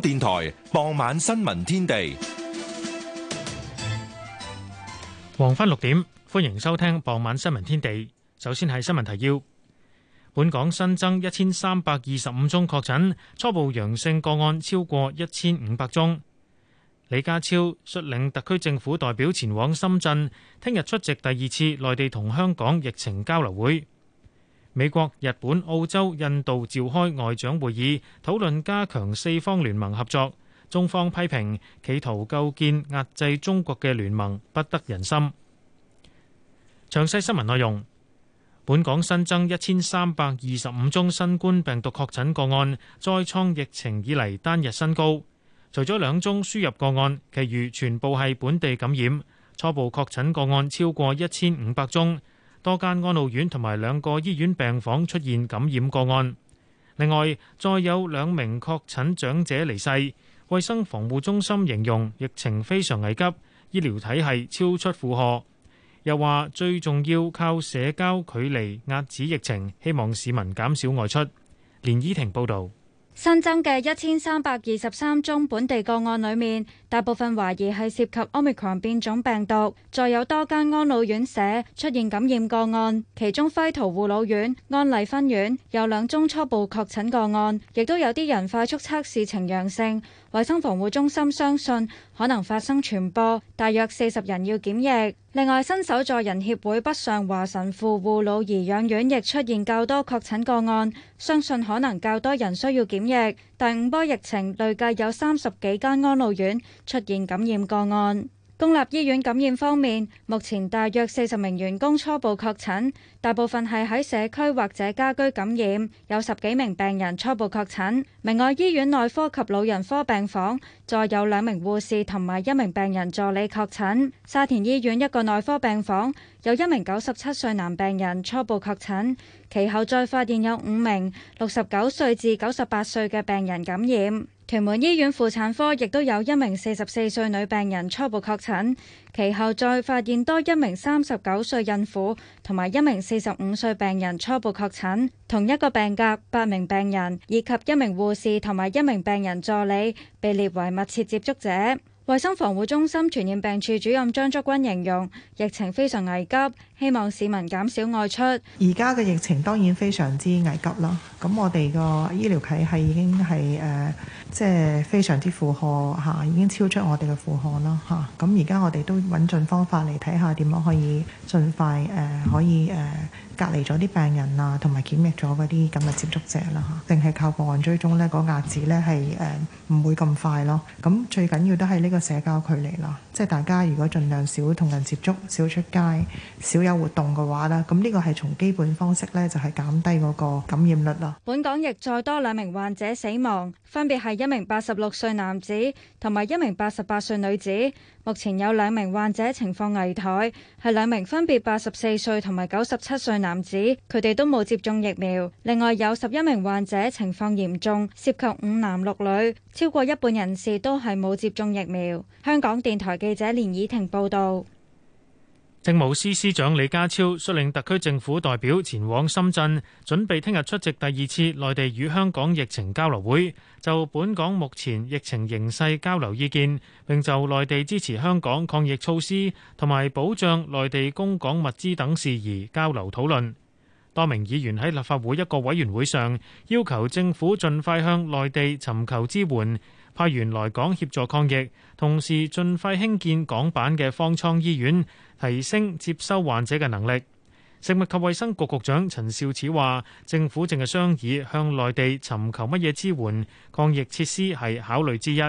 電台傍晚新聞天地，黃昏六點，歡迎收聽傍晚新聞天地。首先係新聞提要。本港新增一千三百二十五宗確診，初步陽性個案超過一千五百宗。李家超率領特區政府代表前往深圳，聽日出席第二次內地同香港疫情交流會。美國、日本、澳洲、印度召開外長會議，討論加強四方聯盟合作。中方批評，企圖構建壓制中國嘅聯盟，不得人心。詳細新聞內容：本港新增一千三百二十五宗新冠病毒確診個案，再創疫情以嚟單日新高。除咗兩宗輸入個案，其餘全部係本地感染。初步確診個案超過一千五百宗。多間安老院同埋兩個醫院病房出現感染個案，另外再有兩名確診長者離世。衛生防護中心形容疫情非常危急，醫療體系超出負荷，又話最重要靠社交距離遏止疫情，希望市民減少外出。連依婷報導。新增嘅一千三百二十三宗本地個案裏面，大部分懷疑係涉及 omicron 變種病毒，再有多間安老院舍出現感染個案，其中輝圖護老院、安麗分院有兩宗初步確診個案，亦都有啲人快速測試呈陽性。衛生防護中心相信可能發生傳播，大約四十人要檢疫。另外，新手助人協會北上華神父護老頤養院亦出現較多確診個案，相信可能較多人需要檢疫。第五波疫情累計有三十幾間安老院出現感染個案。公立醫院感染方面，目前大約四十名員工初步確診，大部分係喺社區或者家居感染；有十幾名病人初步確診。明愛醫院內科及老人科病房再有兩名護士同埋一名病人助理確診。沙田醫院一個內科病房有一名九十七歲男病人初步確診，其後再發現有五名六十九歲至九十八歲嘅病人感染。屯門醫院婦產科亦都有一名四十四歲女病人初步確診，其後再發現多一名三十九歲孕婦同埋一名四十五歲病人初步確診，同一個病格八名病人以及一名護士同埋一名病人助理被列為密切接觸者。衛生防護中心傳染病處主任張竹君形容疫情非常危急，希望市民減少外出。而家嘅疫情當然非常之危急啦。咁我哋個醫療體系已經係誒、呃，即係非常之負荷嚇，已經超出我哋嘅負荷啦嚇。咁而家我哋都揾盡方法嚟睇下點樣可以盡快誒、呃，可以誒。呃隔離咗啲病人啊，同埋檢疫咗嗰啲咁嘅接觸者啦，定係靠個案追蹤呢，嗰個壓制咧，係誒唔會咁快咯。咁最緊要都係呢個社交距離啦，即係大家如果儘量少同人接觸、少出街、少有活動嘅話咧，咁呢個係從基本方式呢，就係減低嗰個感染率啦。本港亦再多兩名患者死亡，分別係一名八十六歲男子同埋一名八十八歲女子。目前有兩名患者情況危殆，係兩名分別八十四歲同埋九十七歲男子，佢哋都冇接種疫苗。另外有十一名患者情況嚴重，涉及五男六女，超過一半人士都係冇接種疫苗。香港電台記者連以婷報導。政務司司長李家超率領特區政府代表前往深圳，準備聽日出席第二次內地與香港疫情交流會，就本港目前疫情形勢交流意見，並就內地支持香港抗疫措施同埋保障內地供港物資等事宜交流討論。多名議員喺立法會一個委員會上要求政府盡快向內地尋求支援。派員來港協助抗疫，同時盡快興建港版嘅方艙醫院，提升接收患者嘅能力。食物及衛生局局長陳肇始話，政府正係商議向內地尋求乜嘢支援，抗疫設施係考慮之一。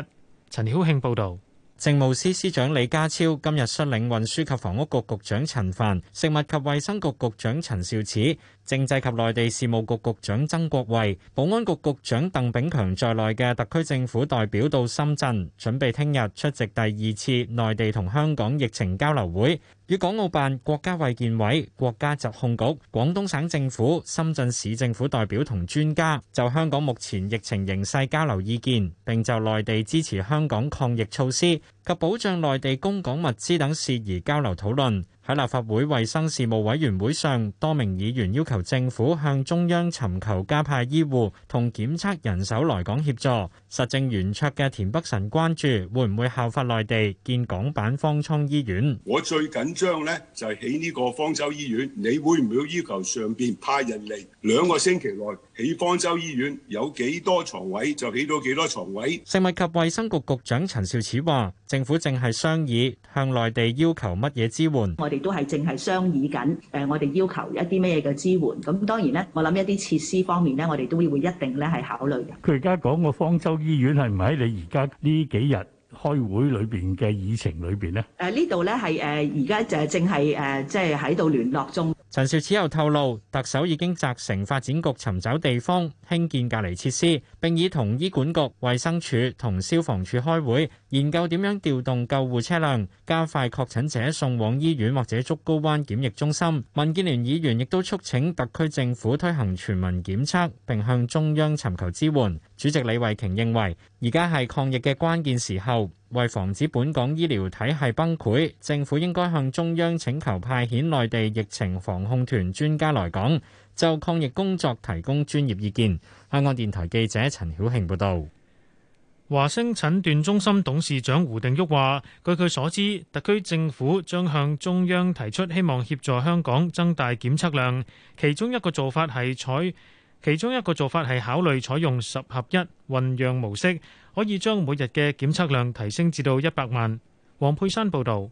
陳曉慶報導。政務司司長李家超今日率領運輸及房屋局局長陳帆、食物及衛生局局長陳肇始、政制及內地事務局局長曾國衛、保安局局長鄧炳強在內嘅特區政府代表到深圳，準備聽日出席第二次內地同香港疫情交流會，與港澳辦、國家衛健委、國家疾控局、廣東省政府、深圳市政府代表同專家就香港目前疫情形勢交流意見，並就內地支持香港抗疫措施及保障內地供港物資等事宜交流討論。喺立法會衞生事務委員會上，多名議員要求政府向中央尋求加派醫護同檢測人手來港協助。實政圓桌嘅田北辰關注會唔會效法內地建港版方艙醫院？我最緊張呢就係喺呢個方艙醫院，你會唔會要求上邊派人嚟兩個星期內？起方舟醫院有幾多牀位就起到幾多牀位。食物及衛生局局長陳肇始話，政府正係商議向內地要求乜嘢支援。我哋都係正係商議緊，誒，我哋要求一啲咩嘢嘅支援。咁當然咧，我諗一啲設施方面咧，我哋都會一定咧係考慮嘅。佢而家講個方舟醫院係唔係喺你而家呢幾日？開會裏邊嘅議程裏邊咧，誒呢度咧係誒而家就係正係誒即係喺度聯絡中。陳肇始又透露，特首已經責成發展局尋找地方興建隔離設施，並已同醫管局、衛生署同消防處開會研究點樣調動救護車輛，加快確診者送往醫院或者竹篙灣檢疫中心。民建聯議員亦都促請特區政府推行全民檢測，並向中央尋求支援。主席李慧瓊認為。而家係抗疫嘅關鍵時候，為防止本港醫療體系崩潰，政府應該向中央請求派遣內地疫情防控團專家來港，就抗疫工作提供專業意見。香港電台記者陳曉慶報道。華星診斷中心董事長胡定旭話，據佢所知，特區政府將向中央提出希望協助香港增大檢測量，其中一個做法係採。其中一個做法係考慮採用十合一混樣模式，可以將每日嘅檢測量提升至到一百萬。黃佩珊報導。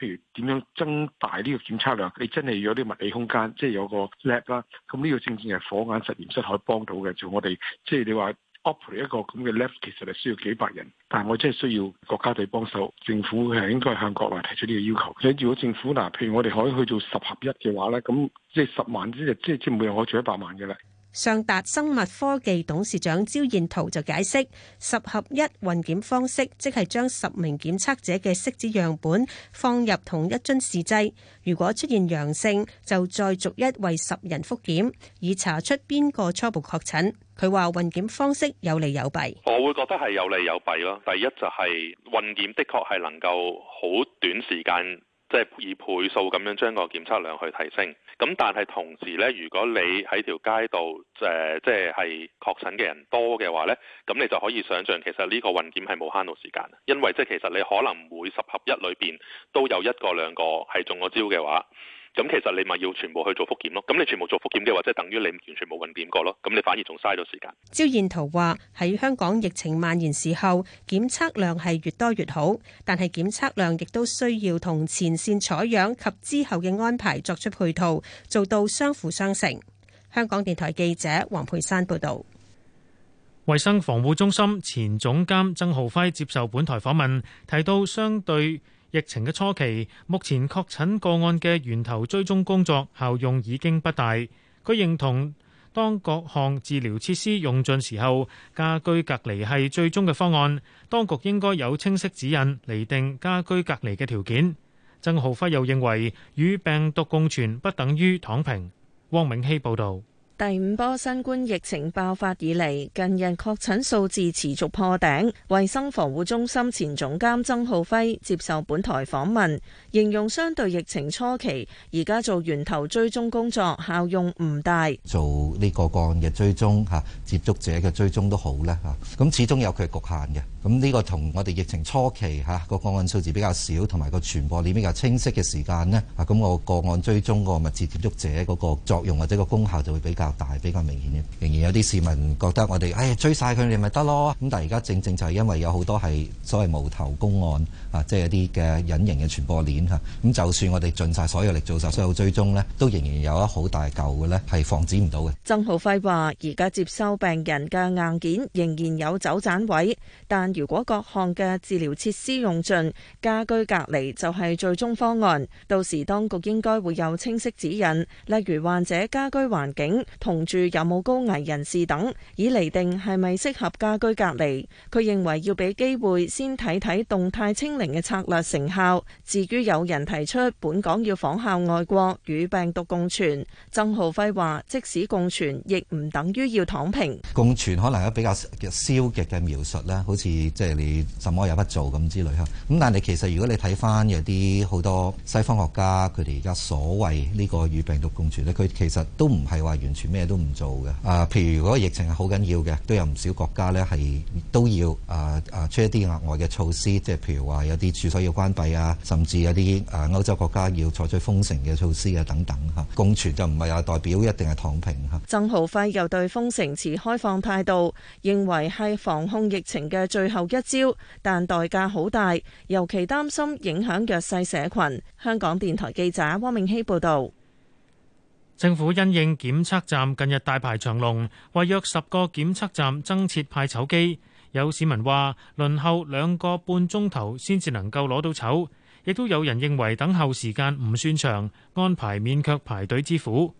譬如點樣增大呢個檢測量？你真係有啲物理空間，即係有個 lab 啦。咁呢個正正係火眼實驗室可以幫到嘅。就我哋即係你話 operate 一個咁嘅 lab，其實係需要幾百人，但係我真係需要國家隊幫手。政府係應該向國內提出呢個要求。所以如果政府嗱，譬如我哋可以去做十合一嘅話咧，咁即係十萬人，即係即係每日可以做一百萬嘅啦。上達生物科技董事長招彦濤就解釋，十合一混檢方式即係將十名檢測者嘅拭子樣本放入同一樽試劑，如果出現陽性，就再逐一為十人覆檢，以查出邊個初步確診。佢話混檢方式有利有弊，我會覺得係有利有弊咯。第一就係混檢的確係能夠好短時間。即係以倍數咁樣將個檢測量去提升，咁但係同時呢，如果你喺條街度，誒，即係係確診嘅人多嘅話呢，咁你就可以想象，其實呢個混檢係冇慳到時間，因為即係其實你可能每十合一裏邊，都有一個兩個係中咗招嘅話。咁其實你咪要全部去做復檢咯，咁你全部做復檢嘅話，即係等於你完全冇運檢過咯，咁你反而仲嘥咗時間。焦賢圖話：喺香港疫情蔓延時候，檢測量係越多越好，但係檢測量亦都需要同前線採樣及之後嘅安排作出配套，做到相輔相成。香港電台記者黃佩珊報導。衞生防護中心前總監曾浩輝接受本台訪問，提到相對。疫情嘅初期，目前確診個案嘅源頭追蹤工作效用已經不大。佢認同當各項治療設施用盡時候，家居隔離係最終嘅方案。當局應該有清晰指引，嚟定家居隔離嘅條件。曾浩輝又認為，與病毒共存不等於躺平。汪永熙報導。第五波新冠疫情爆發以嚟，近日確診數字持續破頂，衛生防護中心前總監曾浩輝接受本台訪問，形容相對疫情初期，而家做源頭追蹤工作效用唔大。做呢個個案嘅追蹤吓接觸者嘅追蹤都好啦，嚇，咁始終有佢局限嘅。咁呢個同我哋疫情初期嗰、啊、個,個案數字比較少，同埋個傳播鏈比較清晰嘅時間咧，啊咁個,個案追蹤個密切接觸者個作用或者個功效就會比較大、比較明顯。仍然有啲市民覺得我哋唉、哎、追晒佢哋咪得咯，咁但係而家正正就係因為有好多係所謂無頭公案。啊，即係一啲嘅隱形嘅傳播鏈吓，咁就算我哋盡晒所有力做晒所有追蹤咧，都仍然有一好大舊嘅咧，係防止唔到嘅。曾浩輝話而家接收病人嘅硬件仍然有走盞位，但如果各項嘅治療設施用盡，家居隔離就係最終方案。到時當局應該會有清晰指引，例如患者家居環境、同住有冇高危人士等，以釐定係咪適合家居隔離，佢認為要俾機會先睇睇動態清嘅策略成效。至於有人提出本港要仿效外國與病毒共存，曾浩輝話即使共存，亦唔等於要躺平。共存可能係比較消極嘅描述啦，好似即係你什麼也不做咁之類吓，咁但係其實如果你睇翻有啲好多西方學家，佢哋而家所謂呢個與病毒共存咧，佢其實都唔係話完全咩都唔做嘅。啊，譬如如果疫情係好緊要嘅，都有唔少國家咧係都要啊啊出一啲額外嘅措施，即係譬如話。有啲處所要關閉啊，甚至有啲誒歐洲國家要採取封城嘅措施啊，等等嚇。共存就唔係啊，代表一定係躺平嚇。曾浩輝又對封城持開放態度，認為係防控疫情嘅最後一招，但代價好大，尤其擔心影響弱勢社群。香港電台記者汪明熙報導，政府因應檢測站近日大排長龍，為約十個檢測站增設派籌機。有市民話：輪候兩個半鐘頭先至能夠攞到籌，亦都有人認為等候時間唔算長，安排勉強排隊之苦。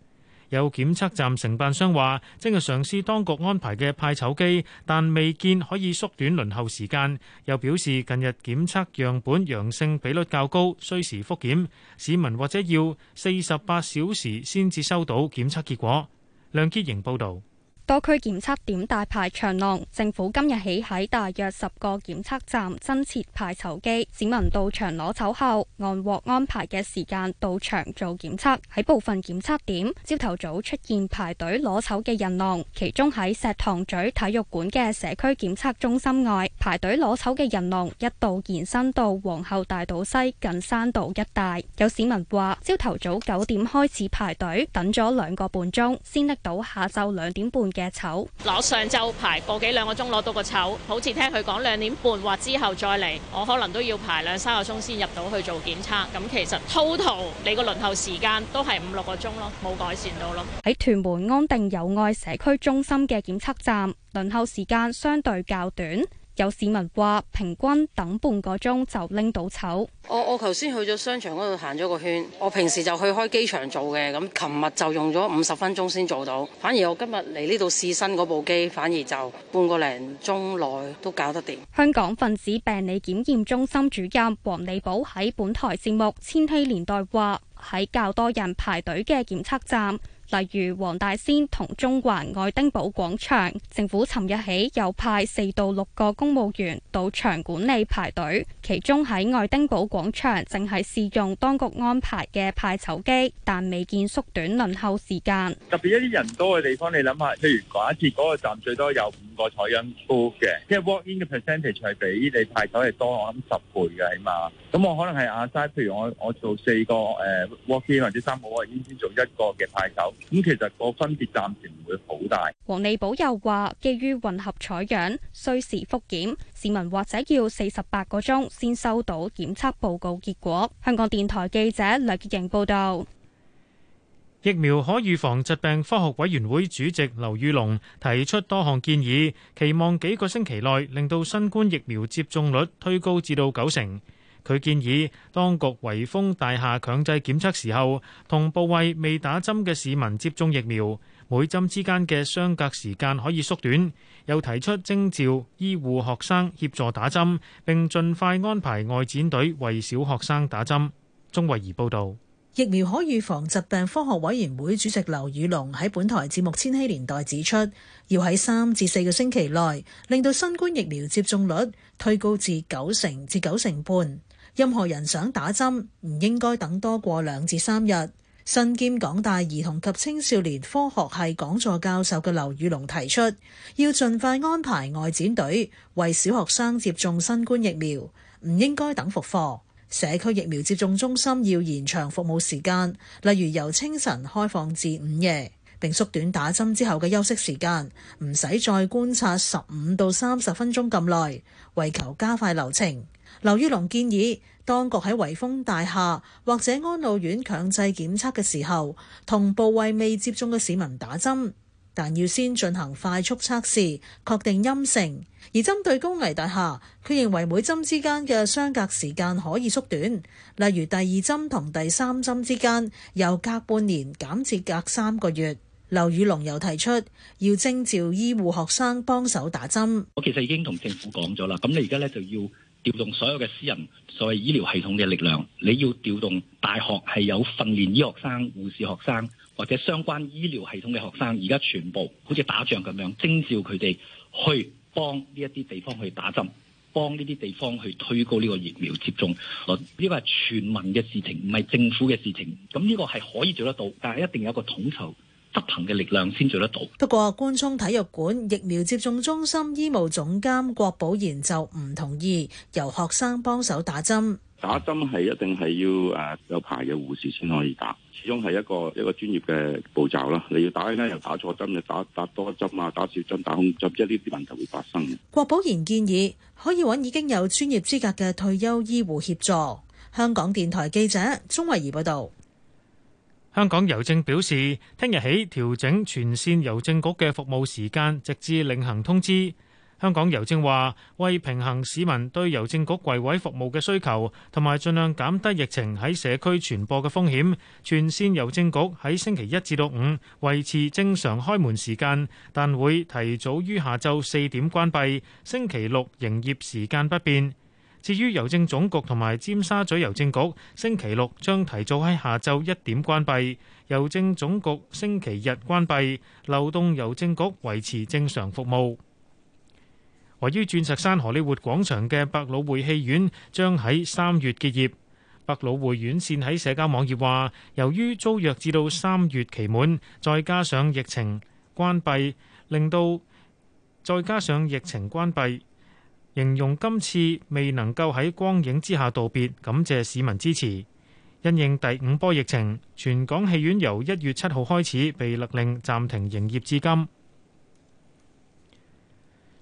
有檢測站承辦商話，正係嘗試當局安排嘅派籌機，但未見可以縮短輪候時間。又表示近日檢測樣本陽性比率較高，需時復檢，市民或者要四十八小時先至收到檢測結果。梁潔瑩報道。多區檢測點大排長龍，政府今日起喺大約十個檢測站增設排籌機。市民到場攞籌後，按獲安排嘅時間到場做檢測。喺部分檢測點，朝頭早出現排隊攞籌嘅人龍，其中喺石塘咀體育館嘅社區檢測中心外，排隊攞籌嘅人龍一度延伸到皇后大道西近山道一帶。有市民話，朝頭早九點開始排隊，等咗兩個半鐘，先搦到下晝兩點半。嘅籌攞上晝排個幾兩個鐘攞到個籌，好似聽佢講兩點半或之後再嚟，我可能都要排兩三個鐘先入到去做檢測。咁其實 total 你個輪候時間都係五六個鐘咯，冇改善到咯。喺屯門安定友愛社區中心嘅檢測站，輪候時間相對較短。有市民話平均等半個鐘就拎到籌。我我頭先去咗商場嗰度行咗個圈。我平時就去開機場做嘅，咁琴日就用咗五十分鐘先做到。反而我今日嚟呢度試新嗰部機，反而就半個零鐘內都搞得掂。香港分子病理檢驗中心主任黃利寶喺本台節目《千禧年代》話喺較多人排隊嘅檢測站。例如黃大仙同中環愛丁堡廣場，政府尋日起又派四到六個公務員到場管理排隊。其中喺愛丁堡廣場淨係試用當局安排嘅派籌機，但未見縮短輪候時間。特別一啲人多嘅地方，你諗下，譬如港鐵嗰個站最多有五個採樣處嘅，即係 walk in 嘅 percentage 係比你派籌係多我諗十倍嘅起碼。咁我可能係阿齋，譬如我我做四個誒 walk in 或者三個 walk in 先做一個嘅派籌。咁其實個分別暫時唔會好大。黃利寶又話，基於混合採樣，需時複檢，市民或者要四十八個鐘先收到檢測報告結果。香港電台記者梁潔瑩報道。疫苗可預防疾病科學委員會主席劉宇龍提出多項建議，期望幾個星期內令到新冠疫苗接種率推高至到九成。佢建議當局圍封大廈強制檢測時候，同步為未打針嘅市民接種疫苗，每針之間嘅相隔時間可以縮短。又提出徵召醫護學生協助打針，並盡快安排外展隊為小學生打針。鍾慧儀報導。疫苗可預防疾病科學委員會主席劉宇龍喺本台節目《千禧年代》指出，要喺三至四個星期內令到新冠疫苗接種率推高至九成至九成半。任何人想打針，唔應該等多過兩至三日。身兼港大兒童及青少年科學系講座教授嘅劉宇龍提出，要盡快安排外展隊為小學生接種新冠疫苗，唔應該等復課。社區疫苗接種中心要延長服務時間，例如由清晨開放至午夜，並縮短打針之後嘅休息時間，唔使再觀察十五到三十分鐘咁耐，為求加快流程。劉宇龍建議，當局喺維峰大廈或者安老院強制檢測嘅時候，同步為未接種嘅市民打針，但要先進行快速測試，確定陰性。而針對高危大廈，佢認為每針之間嘅相隔時間可以縮短，例如第二針同第三針之間由隔半年減至隔三個月。劉宇龍又提出，要徵召醫護學生幫手打針。我其實已經同政府講咗啦，咁你而家咧就要。調動所有嘅私人，所謂醫療系統嘅力量，你要調動大學係有訓練醫學生、護士學生或者相關醫療系統嘅學生，而家全部好似打仗咁樣徵召佢哋去幫呢一啲地方去打針，幫呢啲地方去推高呢個疫苗接種哦，呢個係全民嘅事情，唔係政府嘅事情。咁呢個係可以做得到，但係一定有一個統籌執行嘅力量先做得到。不過，官涌體育館疫苗接種中心醫務總監郭寶賢就唔同意由學生幫手打針。打針係一定係要誒有牌嘅護士先可以打，始終係一個一個專業嘅步驟啦。你要打呢，又打錯針，你打打多針啊，打少針，打空針，即係呢啲問題會發生。郭寶賢建議可以揾已經有專業資格嘅退休醫護協助。香港電台記者鍾慧儀報道。香港郵政表示，聽日起調整全線郵政局嘅服務時間，直至另行通知。香港郵政話，為平衡市民對郵政局櫃位服務嘅需求，同埋盡量減低疫情喺社區傳播嘅風險，全線郵政局喺星期一至到五維持正常開門時間，但會提早於下晝四點關閉。星期六營業時間不變。至於郵政總局同埋尖沙咀郵政局，星期六將提早喺下晝一點關閉；郵政總局星期日關閉，流動郵政局維持正常服務。位於鑽石山荷里活廣場嘅百老匯戲院將喺三月結業。百老匯院線喺社交網頁話，由於租約至到三月期滿，再加上疫情關閉，令到再加上疫情關閉。形容今次未能夠喺光影之下道別，感謝市民支持。因應第五波疫情，全港戲院由一月七號開始被勒令暫停營業至今。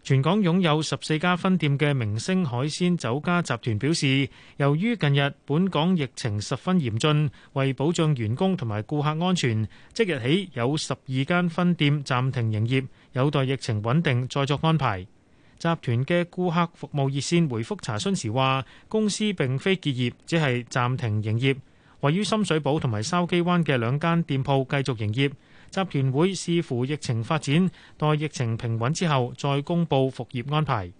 全港擁有十四家分店嘅明星海鮮酒家集團表示，由於近日本港疫情十分嚴峻，為保障員工同埋顧客安全，即日起有十二間分店暫停營業，有待疫情穩定再作安排。集團嘅顧客服務熱線回覆查詢時話，公司並非結業，只係暫停營業。位於深水埗同埋筲箕灣嘅兩間店鋪繼續營業。集團會視乎疫情發展，待疫情平穩之後再公佈復業安排。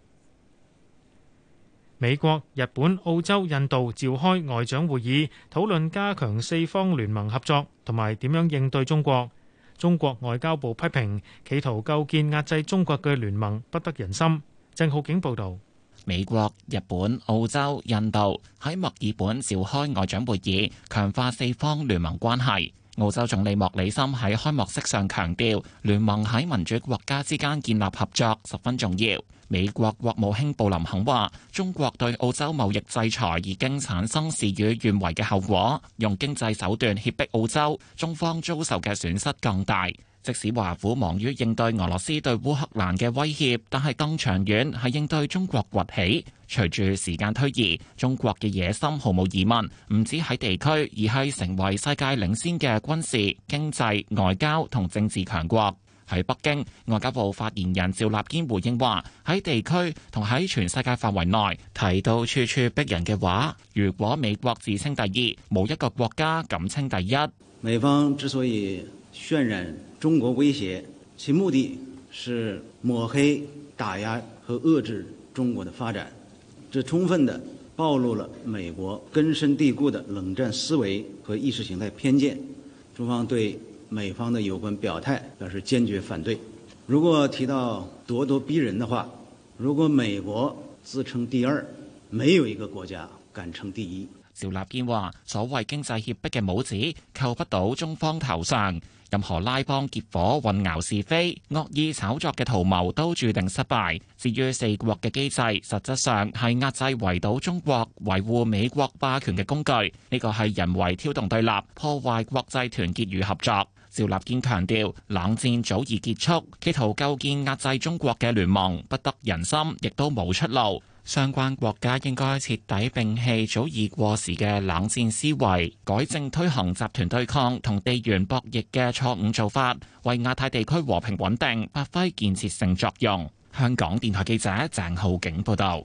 美國、日本、澳洲、印度召開外長會議，討論加強四方聯盟合作同埋點樣應對中國。中國外交部批評，企圖構建壓制中國嘅聯盟不得人心。鄭浩景報導，美國、日本、澳洲、印度喺墨爾本召開外長會議，強化四方聯盟關係。澳洲總理莫里森喺開幕式上強調，聯盟喺民主國家之間建立合作十分重要。美國國務卿布林肯話，中國對澳洲貿易制裁已經產生事與願違嘅後果，用經濟手段脅迫澳洲，中方遭受嘅損失更大。即使華府忙於應對俄羅斯對烏克蘭嘅威脅，但係更長遠係應對中國崛起。隨住時間推移，中國嘅野心毫無疑問，唔止喺地區，而係成為世界領先嘅軍事、經濟、外交同政治強國。喺北京，外交部發言人趙立堅回應話：喺地區同喺全世界範圍內提到處處逼人嘅話，如果美國自稱第二，冇一個國家敢稱第一。美方之所以渲染中國威脅，其目的是抹黑、打壓和遏制中國的發展，這充分地暴露了美國根深蒂固的冷戰思維和意識形態偏見。中方對美方的有關表態表示堅決反對。如果提到咄咄逼人的話，如果美國自稱第二，沒有一個國家敢稱第一。趙立堅話，所謂經濟脅迫嘅帽子扣不到中方頭上，任何拉幫結伙、混淆是非、惡意炒作嘅圖謀都注定失敗。至於四國嘅機制，實質上係壓制圍堵中國、維護美國霸權嘅工具，呢個係人為挑動對立、破壞國際團結與合作。趙立堅強調，冷戰早已結束，企圖構建壓制中國嘅聯盟，不得人心，亦都冇出路。相關國家應該徹底摒棄早已過時嘅冷戰思維，改正推行集團對抗同地緣博弈嘅錯誤做法，為亞太地區和平穩定發揮建設性作用。香港電台記者鄭浩景報道。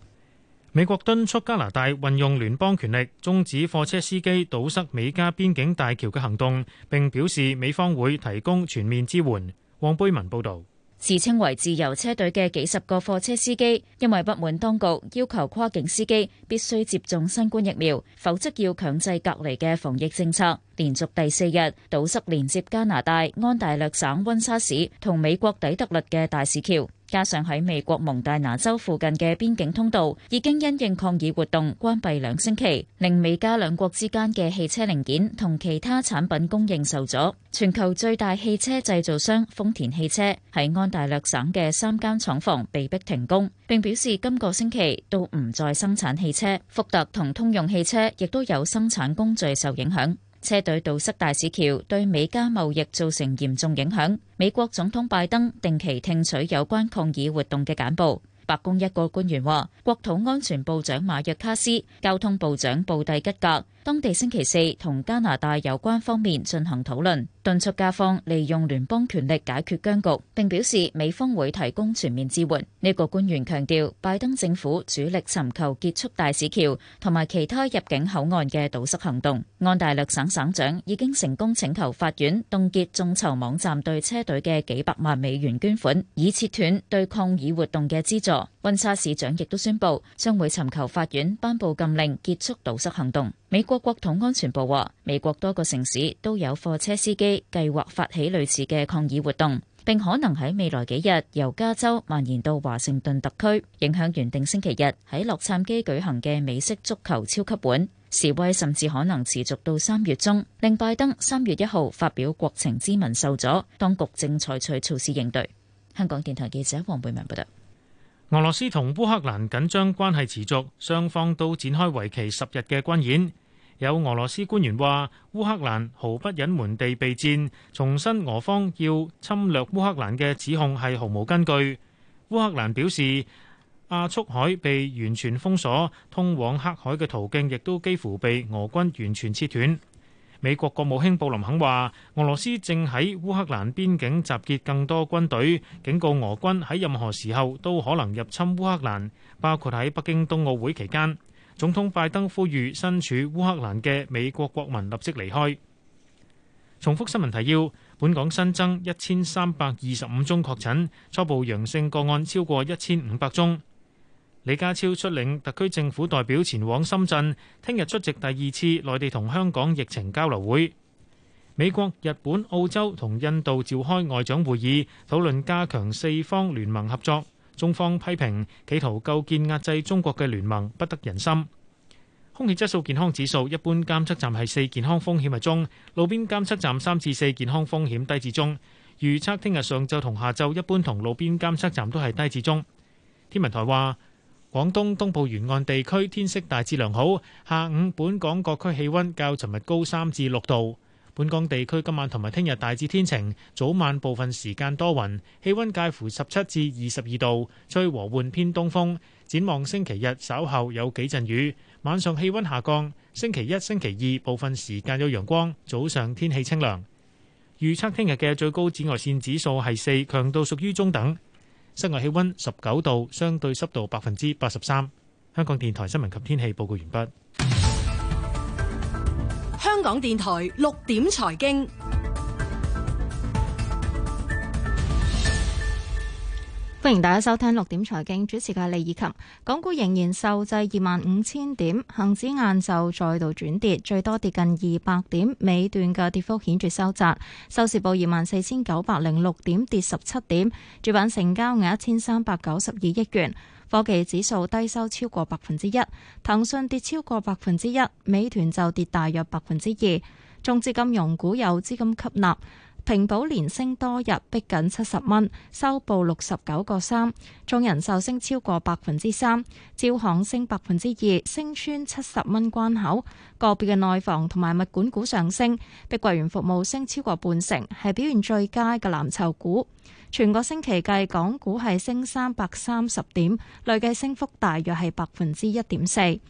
美國敦促加拿大運用聯邦權力終止貨車司機堵塞美加邊境大橋嘅行動，並表示美方會提供全面支援。黃貝文報道，自稱為自由車隊嘅幾十個貨車司機，因為不滿當局要求跨境司機必須接種新冠疫苗，否則要強制隔離嘅防疫政策。連續第四日堵塞連接加拿大安大略省温莎市同美國底特律嘅大市橋，加上喺美國蒙大拿州附近嘅邊境通道已經因應抗議活動關閉兩星期，令美加兩國之間嘅汽車零件同其他產品供應受阻。全球最大汽車製造商豐田汽車喺安大略省嘅三間廠房被迫停工，並表示今個星期都唔再生產汽車。福特同通用汽車亦都有生產工序受影響。車隊堵塞大使橋，對美加貿易造成嚴重影響。美國總統拜登定期聽取有關抗議活動嘅簡報。白宮一個官員話，國土安全部長馬約卡斯、交通部長布蒂吉格，當地星期四同加拿大有關方面進行討論。敦促加方利用聯邦權力解決僵局，並表示美方會提供全面支援。呢個官員強調，拜登政府主力尋求結束大使橋同埋其他入境口岸嘅堵塞行動。安大略省省長已經成功請求法院凍結眾籌網站對車隊嘅幾百萬美元捐款，以切斷對抗議活動嘅資助。溫莎市長亦都宣布將會尋求法院頒布禁令，結束堵塞行動。美國國土安全部話，美國多個城市都有貨車司機。計劃發起類似嘅抗議活動，並可能喺未來幾日由加州蔓延到華盛頓特區，影響原定星期日喺洛杉磯舉行嘅美式足球超級碗示威，甚至可能持續到三月中，令拜登三月一號發表國情咨文受阻。當局正採取措施應對。香港電台記者黃貝文報道：俄羅斯同烏克蘭緊張關係持續，雙方都展開為期十日嘅軍演。有俄羅斯官員話：烏克蘭毫不隱瞞地備戰，重申俄方要侵略烏克蘭嘅指控係毫無根據。烏克蘭表示，亞速海被完全封鎖，通往黑海嘅途徑亦都幾乎被俄軍完全切斷。美國國務卿布林肯話：俄羅斯正喺烏克蘭邊境集結更多軍隊，警告俄軍喺任何時候都可能入侵烏克蘭，包括喺北京冬奧會期間。總統拜登呼籲身處烏克蘭嘅美國國民立即離開。重複新聞提要：本港新增一千三百二十五宗確診，初步陽性個案超過一千五百宗。李家超率領特區政府代表前往深圳，聽日出席第二次內地同香港疫情交流會。美國、日本、澳洲同印度召開外長會議，討論加強四方聯盟合作。中方批評，企圖構建壓制中國嘅聯盟，不得人心。空氣質素健康指數一般，監測站係四，健康風險係中，路邊監測站三至四，健康風險低至中。預測聽日上晝同下晝一般同路邊監測站都係低至中。天文台話，廣東東部沿岸地區天色大致良好，下午本港各區氣温較尋日高三至六度。本港地區今晚同埋聽日大致天晴，早晚部分時間多雲，氣温介乎十七至二十二度，吹和緩偏東風。展望星期日稍後有幾陣雨，晚上氣温下降。星期一、星期二部分時間有陽光，早上天氣清涼。預測聽日嘅最高紫外線指數係四，強度屬於中等。室外氣温十九度，相對濕度百分之八十三。香港電台新聞及天氣報告完畢。香港電台六點財經，歡迎大家收聽六點財經。主持嘅係李以琴。港股仍然受制二萬五千點，恒指晏晝再度轉跌，最多跌近二百點，尾段嘅跌幅顯著收窄，收市報二萬四千九百零六點，跌十七點，主板成交額一千三百九十二億元。科技指數低收超過百分之一，騰訊跌超過百分之一，美團就跌大約百分之二。中資金融股有資金吸納，平保連升多日，逼緊七十蚊，收報六十九個三。中人壽升超過百分之三，招行升百分之二，升穿七十蚊關口。個別嘅內房同埋物管股上升，碧桂園服務升超過半成，係表現最佳嘅藍籌股。全個星期計，港股係升三百三十點，累計升幅大約係百分之一點四。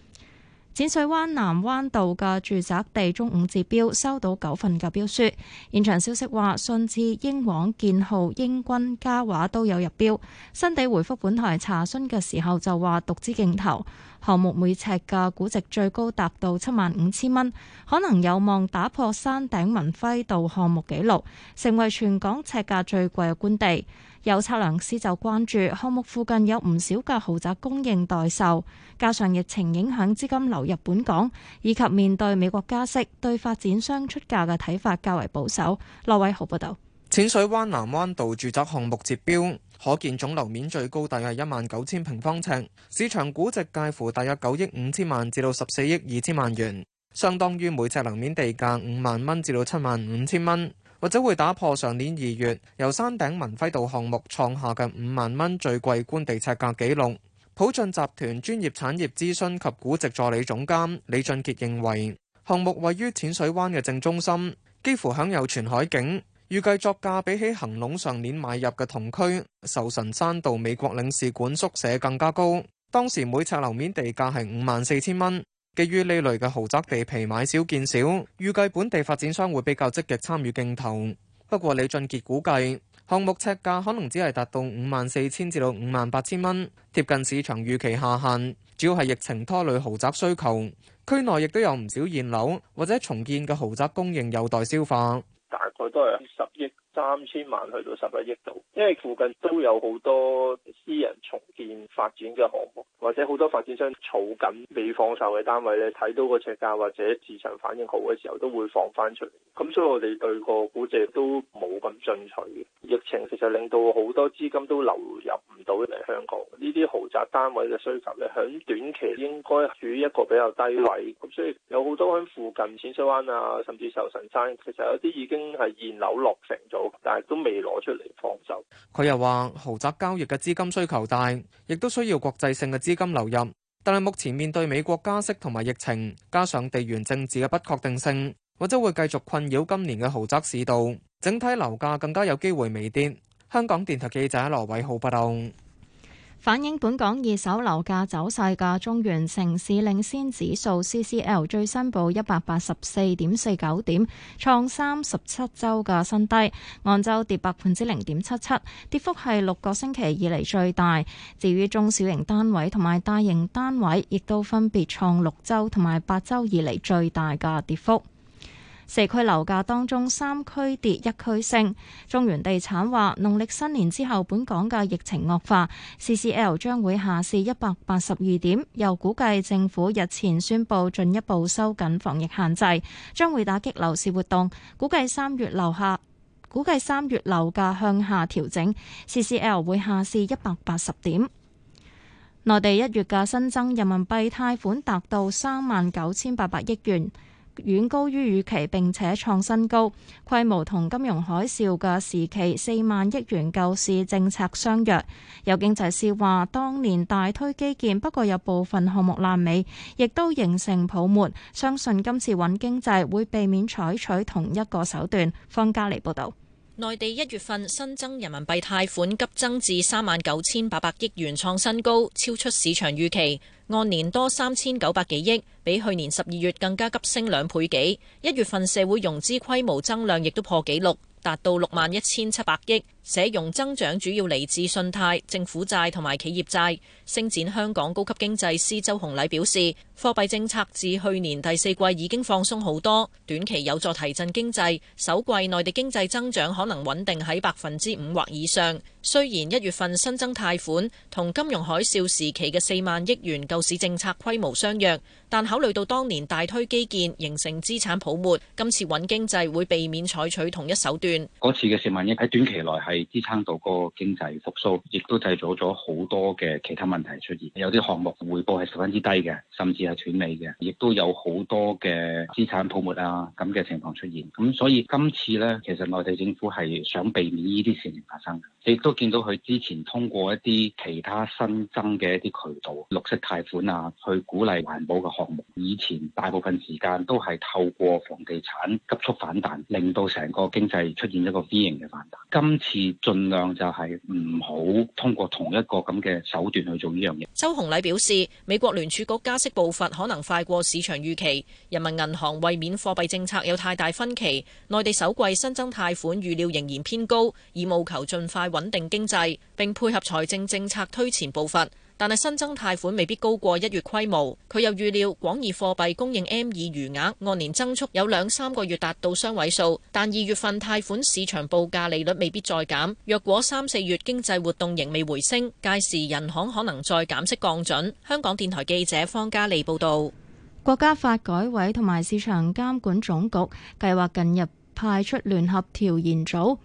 淺水灣南灣道嘅住宅地中午截標，收到九份嘅標書。現場消息話，信治、英皇、建浩、英軍嘉華都有入標。新地回覆本台查詢嘅時候就話，獨資競投項目，每尺價估值最高達到七萬五千蚊，可能有望打破山頂文輝道項目紀錄，成為全港尺價最貴嘅官地。有測量師就關注項目附近有唔少嘅豪宅供應待售，加上疫情影響資金流入本港，以及面對美國加息，對發展商出價嘅睇法較為保守。羅偉豪報導，淺水灣南灣道住宅項目接標，可建總樓面最高大約一萬九千平方尺，市場估值介乎大約九億五千萬至到十四億二千萬元，相當於每呎樓面地價五萬蚊至到七萬五千蚊。或者會打破上年二月由山頂文輝道項目創下嘅五萬蚊最貴官地尺價紀錄。普進集團專業產業諮詢及估值助理總監李俊傑認為，項目位於淺水灣嘅正中心，幾乎享有全海景，預計作價比起恒隆上年買入嘅同區壽臣山道美國領事館宿舍更加高，當時每尺樓面地價係五萬四千蚊。基於呢類嘅豪宅地皮買少見少，預計本地發展商會比較積極參與競投。不過李俊杰估計，項目尺價可能只係達到五萬四千至到五萬八千蚊，貼近市場預期下限。主要係疫情拖累豪宅需求，區內亦都有唔少現樓或者重建嘅豪宅供應有待消化。大概都係十億。三千萬去到十一億度，因為附近都有好多私人重建發展嘅項目，或者好多發展商儲緊未放售嘅單位咧，睇到個尺價或者市場反應好嘅時候，都會放翻出嚟。咁所以我哋對個估值都冇咁進取嘅。疫情其實令到好多資金都流入唔到嚟香港，呢啲豪宅單位嘅需求咧，響短期應該處於一個比較低位。咁所以有好多響附近淺水灣啊，甚至壽臣山，其實有啲已經係現樓落成咗。但係都未攞出嚟放手。佢又話豪宅交易嘅資金需求大，亦都需要國際性嘅資金流入。但係目前面對美國加息同埋疫情，加上地緣政治嘅不確定性，或者會繼續困擾今年嘅豪宅市道。整體樓價更加有機會微跌。香港電台記者羅偉浩報道。反映本港二手樓價走勢嘅中原城市領先指數 （CCL） 最新報一百八十四點四九點，創三十七周嘅新低，按周跌百分之零點七七，跌幅係六個星期以嚟最大。至於中小型單位同埋大型單位，亦都分別創六周同埋八周以嚟最大嘅跌幅。四區樓價當中，三區跌一區升。中原地產話：農曆新年之後，本港嘅疫情惡化，CCL 將會下試一百八十二點。又估計政府日前宣布進一步收緊防疫限制，將會打擊樓市活動，估計三月樓下，估計三月樓價向下調整，CCL 會下試一百八十點。內地一月嘅新增人民幣貸款達到三萬九千八百億元。遠高於預期，並且創新高，規模同金融海嘯嘅時期四萬億元救市政策相若。有經濟師話，當年大推基建，不過有部分項目爛尾，亦都形成泡沫。相信今次穩經濟會避免採取同一個手段。方家嚟報道。內地一月份新增人民幣貸款急增至三萬九千八百億元，創新高，超出市場預期，按年多三千九百幾億，比去年十二月更加急升兩倍幾。一月份社會融資規模增量亦都破紀錄，達到六萬一千七百億。社融增長主要嚟自信貸、政府債同埋企業債。星展香港高級經濟師周紅禮表示，貨幣政策自去年第四季已經放鬆好多，短期有助提振經濟。首季內地經濟增長可能穩定喺百分之五或以上。雖然一月份新增貸款同金融海嘯時期嘅四萬億元救市政策規模相若，但考慮到當年大推基建形成資產泡沫，今次穩經濟會避免採取同一手段。嗰次嘅四萬億喺短期內係係支撐到個經濟復甦，亦都製造咗好多嘅其他問題出現。有啲項目回報係十分之低嘅，甚至係斷尾嘅，亦都有好多嘅資產泡沫啊咁嘅情況出現。咁所以今次呢，其實內地政府係想避免呢啲事情發生。亦都見到佢之前通過一啲其他新增嘅一啲渠道，綠色貸款啊，去鼓勵環保嘅項目。以前大部分時間都係透過房地產急速反彈，令到成個經濟出現一個 V 型嘅反彈。今次，盡量就係唔好通過同一個咁嘅手段去做呢樣嘢。周宏禮表示，美國聯儲局加息步伐可能快過市場預期。人民銀行為免貨幣政策有太大分歧，內地首季新增貸款預料仍然偏高，以務求盡快穩定經濟，並配合財政政策推前步伐。但係新增貸款未必高過一月規模，佢又預料廣義貨幣供應 M2 餘額按年增速有兩三個月達到雙位數，但二月份貸款市場報價利率未必再減。若果三四月經濟活動仍未回升，屆時人行可能再減息降準。香港電台記者方嘉利報道，國家發改委同埋市場監管總局計劃近日派出聯合調研組。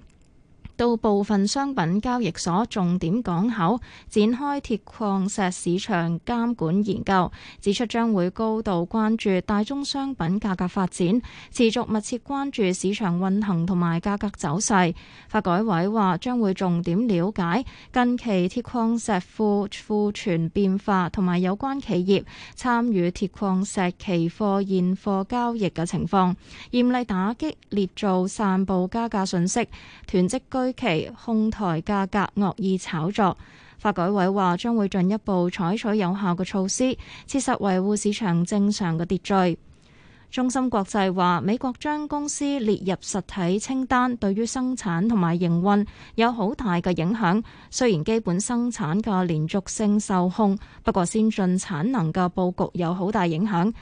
到部分商品交易所重點港口展開鐵礦石市場監管研究，指出將會高度關注大宗商品價格發展，持續密切關注市場運行同埋價格走勢。發改委話將會重點了解近期鐵礦石庫庫存變化同埋有關企業參與鐵礦石期貨現貨交易嘅情況，嚴厲打擊捏造散佈加價信息、囤積居。期控台價格惡意炒作，發改委話將會進一步採取有效嘅措施，切實維護市場正常嘅秩序。中芯國際話，美國將公司列入實體清單，對於生產同埋營運有好大嘅影響。雖然基本生產嘅連續性受控，不過先進產能嘅布局有好大影響。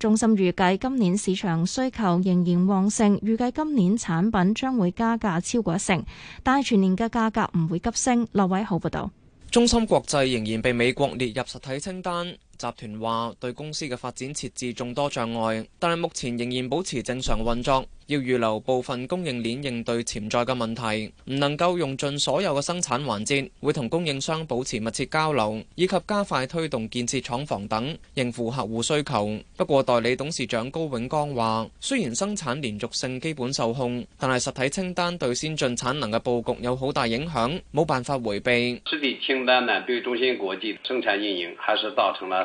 中心預計今年市場需求仍然旺盛，預計今年產品將會加價超過一成，但係全年嘅價格唔會急升。劉偉豪報導。中心國際仍然被美國列入實體清單。集團話對公司嘅發展設置眾多障礙，但係目前仍然保持正常運作，要預留部分供應鏈應對潛在嘅問題，唔能夠用盡所有嘅生產環節，會同供應商保持密切交流，以及加快推動建設廠房等，應付客戶需求。不過，代理董事長高永崗話，雖然生產連續性基本受控，但係實體清單對先進產能嘅布局有好大影響，冇辦法回避。實體清單呢對中芯國際生產運營還是造成了。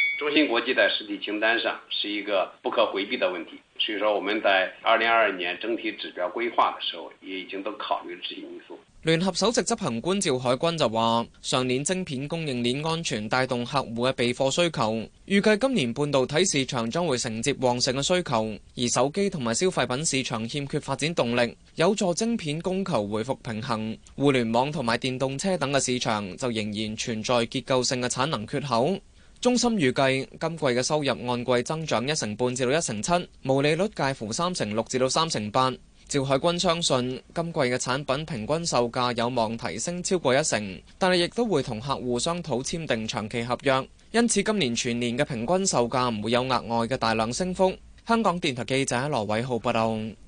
中芯國際在實體清單上是一個不可回避的問題，所以說我們在二零二二年整體指標規劃嘅時候，也已經都考慮咗呢啲因素。聯合首席執行官趙海軍就話：上年晶片供應鏈安全帶動客戶嘅備貨需求，預計今年半導體市場將會承接旺盛嘅需求，而手機同埋消費品市場欠缺發展動力，有助晶片供求回復平衡。互聯網同埋電動車等嘅市場就仍然存在結構性嘅產能缺口。中心預計今季嘅收入按季增長一成半至到一成七，毛利率介乎三成六至到三成八。趙海軍相信今季嘅產品平均售價有望提升超過一成，但係亦都會同客戶商討簽訂長期合約，因此今年全年嘅平均售價唔會有額外嘅大量升幅。香港電台記者羅偉浩報道。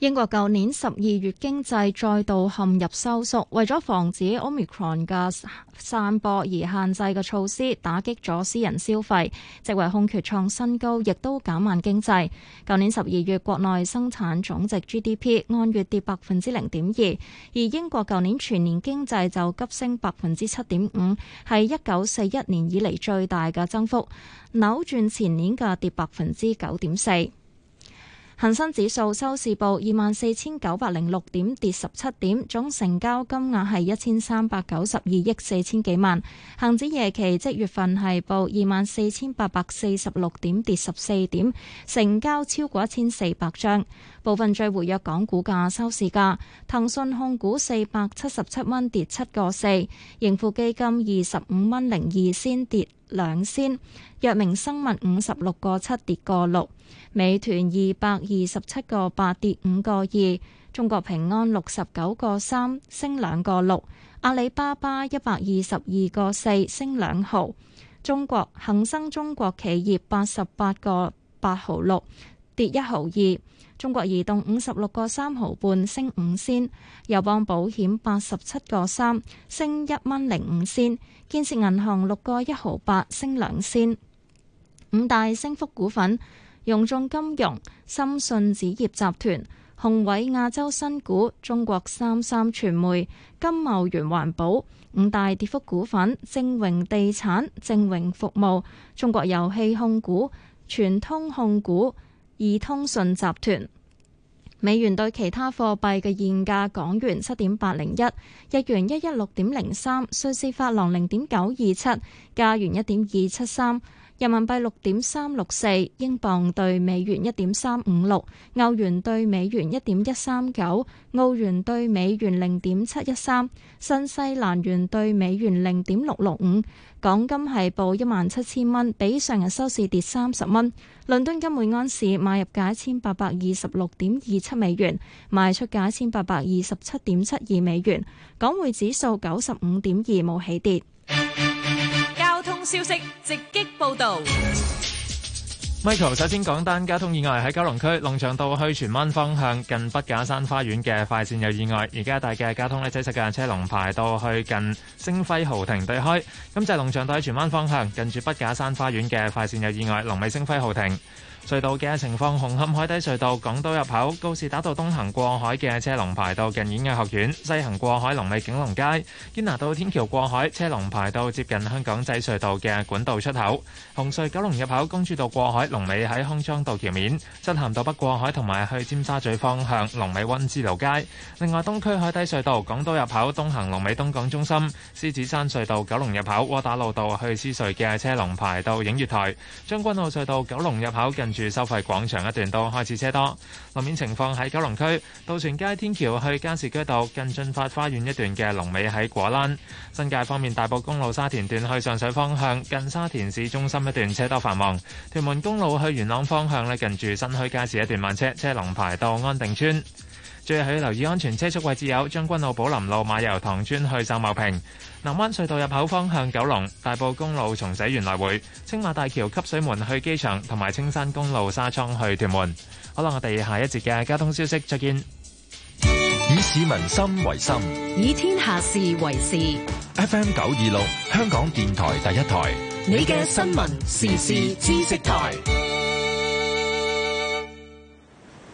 英國舊年十二月經濟再度陷入收縮，為咗防止 Omicron 嘅散播而限制嘅措施打擊咗私人消費，即為空缺創新高，亦都減慢經濟。舊年十二月國內生產總值 GDP 按月跌百分之零點二，而英國舊年全年經濟就急升百分之七點五，係一九四一年以嚟最大嘅增幅，扭轉前年嘅跌百分之九點四。恒生指數收市報二萬四千九百零六點，跌十七點，總成交金額係一千三百九十二億四千幾萬。恒指夜期即月份係報二萬四千八百四十六點，跌十四點，成交超過一千四百張。部分最活躍港股價收市價：騰訊控股四百七十七蚊，跌七個四；盈富基金二十五蚊零二先，跌兩先，藥明生物五十六個七，跌個六。美團二百二十七個八跌五個二，中國平安六十九個三升兩個六，阿里巴巴一百二十二個四升兩毫，中國恒生中國企業八十八個八毫六跌一毫二，中國移動五十六個三毫半升五仙，友邦保險八十七個三升一蚊零五仙，建設銀行六個一毫八升兩仙，五大升幅股份。融眾金融、深信紙業集團、宏偉亞洲新股、中國三三傳媒、金茂元環保五大跌幅股份，正榮地產、正榮服務、中國遊戲控股、全通控股、易通訊集團。美元對其他貨幣嘅現價：港元七點八零一，日元一一六點零三，瑞士法郎零點九二七，加元一點二七三。人民幣六點三六四，英鎊兌美元一點三五六，歐元兌美元一點一三九，澳元兌美元零點七一三，新西蘭元兌美元零點六六五。港金係報一萬七千蚊，比上日收市跌三十蚊。倫敦金每安士買入價一千八百二十六點二七美元，賣出價一千八百二十七點七二美元。港匯指數九十五點二，冇起跌。消息直擊報道，Michael 首先講單交通意外喺九龍區龍翔道去荃灣方向近畢架山花園嘅快線有意外，而家帶嘅交通呢擠塞嘅車龍排到去近星輝豪庭對開，咁就係龍翔道喺荃灣方向近住畢架山花園嘅快線有意外，龍尾星輝豪庭。隧道嘅情況：紅磡海底隧道港島入口、告士打道東行過海嘅車龍排到近演藝學院；西行過海龍尾景隆街。堅拿道天橋過海車龍排到接近香港仔隧道嘅管道出口。紅隧九龍入口公主道過海龍尾喺康莊道橋面。漆咸道北過海同埋去尖沙咀方向龍尾溫之路街。另外，東區海底隧道港島入口東行龍尾東港中心。獅子山隧道九龍入口窩打老道去獅隧嘅車龍排到映月台。將軍澳隧道九龍入口近住收費廣場一段都開始車多，路面情況喺九龍區渡船街天橋去加士居道近進發花園一段嘅龍尾喺果欄。新界方面，大埔公路沙田段去上水方向近沙田市中心一段車多繁忙，屯門公路去元朗方向呢，近住新墟街市一段慢車，車龍排到安定村。最後要留意安全車速位置有將軍澳寶林路、馬游塘村去秀茂坪，南灣隧道入口方向九龍，九龍大埔公路松仔園來回、青馬大橋汲水門去機場同埋青山公路沙涌去屯門。好啦，我哋下一節嘅交通消息，再見。以市民心為心，以天下事為事。FM 九二六，香港電台第一台，你嘅新聞時事知識台，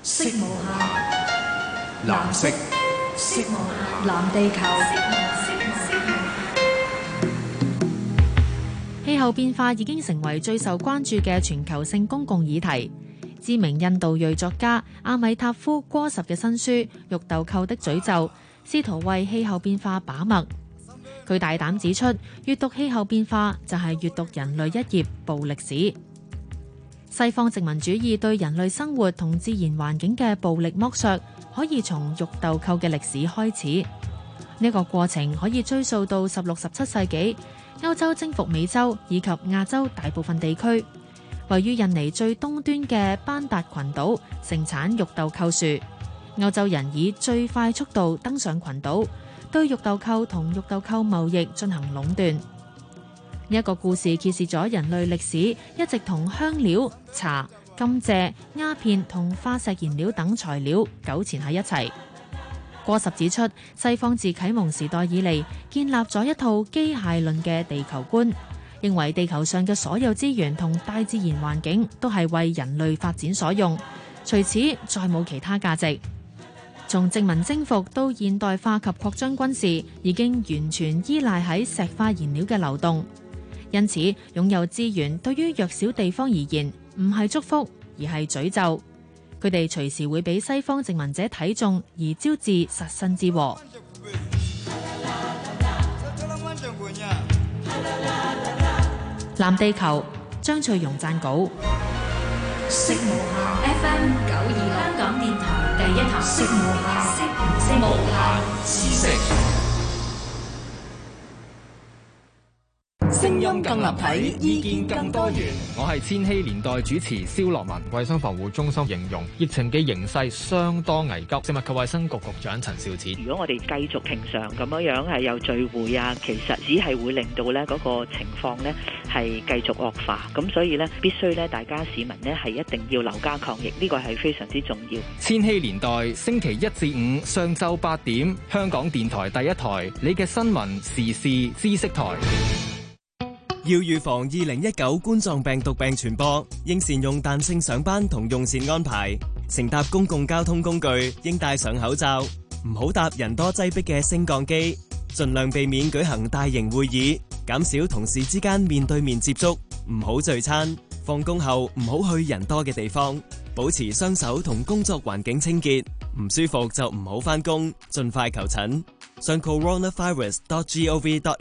識無限。藍色望藍地球，氣候變化已經成為最受關注嘅全球性公共議題。知名印度裔作家阿米塔夫·戈什嘅新書《肉豆蔻的詛咒》試圖為氣候變化把脈。佢大膽指出，閱讀氣候變化就係閱讀人類一頁暴力史。西方殖民主義對人類生活同自然環境嘅暴力剝削。可以從肉豆蔻嘅歷史開始，呢個過程可以追溯到十六、十七世紀歐洲征服美洲以及亞洲大部分地區。位於印尼最東端嘅班達群島盛產肉豆蔻樹，歐洲人以最快速度登上群島，對肉豆蔻同肉豆蔻貿易進行壟斷。呢一個故事揭示咗人類歷史一直同香料、茶。甘蔗、鴉片同化石燃料等材料糾纏喺一齊。郭十指出，西方自啟蒙時代以嚟建立咗一套機械論嘅地球觀，認為地球上嘅所有資源同大自然環境都係為人類發展所用，除此再冇其他價值。從殖民征服到現代化及擴張軍事，已經完全依賴喺石化燃料嘅流動，因此擁有資源對於弱小地方而言，唔係祝福，而係詛咒。佢哋隨時會俾西方殖民者睇中，而招致殺身之禍。藍地球張翠容撰稿。色無限 FM 九二香港電台第一台。色無限，色無限，色無音更立體，意見更多元。我係千禧年代主持蕭樂文。衛生防護中心形容疫情嘅形勢相當危急。食物及衛生局局長陳肇始：如果我哋繼續平常咁樣樣係有聚會啊，其實只係會令到呢嗰個情況呢係繼續惡化。咁所以呢，必須呢，大家市民呢係一定要留家抗疫，呢個係非常之重要。千禧年代星期一至五上晝八點，香港電台第一台，你嘅新聞時事知識台。要預防2019冠狀病毒病傳播，應善用彈性上班同用膳安排。乘搭公共交通工具應戴上口罩，唔好搭人多擠迫嘅升降機。盡量避免舉行大型會議，減少同事之間面對面接觸。唔好聚餐，放工後唔好去人多嘅地方。保持雙手同工作環境清潔。唔舒服就唔好返工，盡快求診。上 coronavirus.gov.hk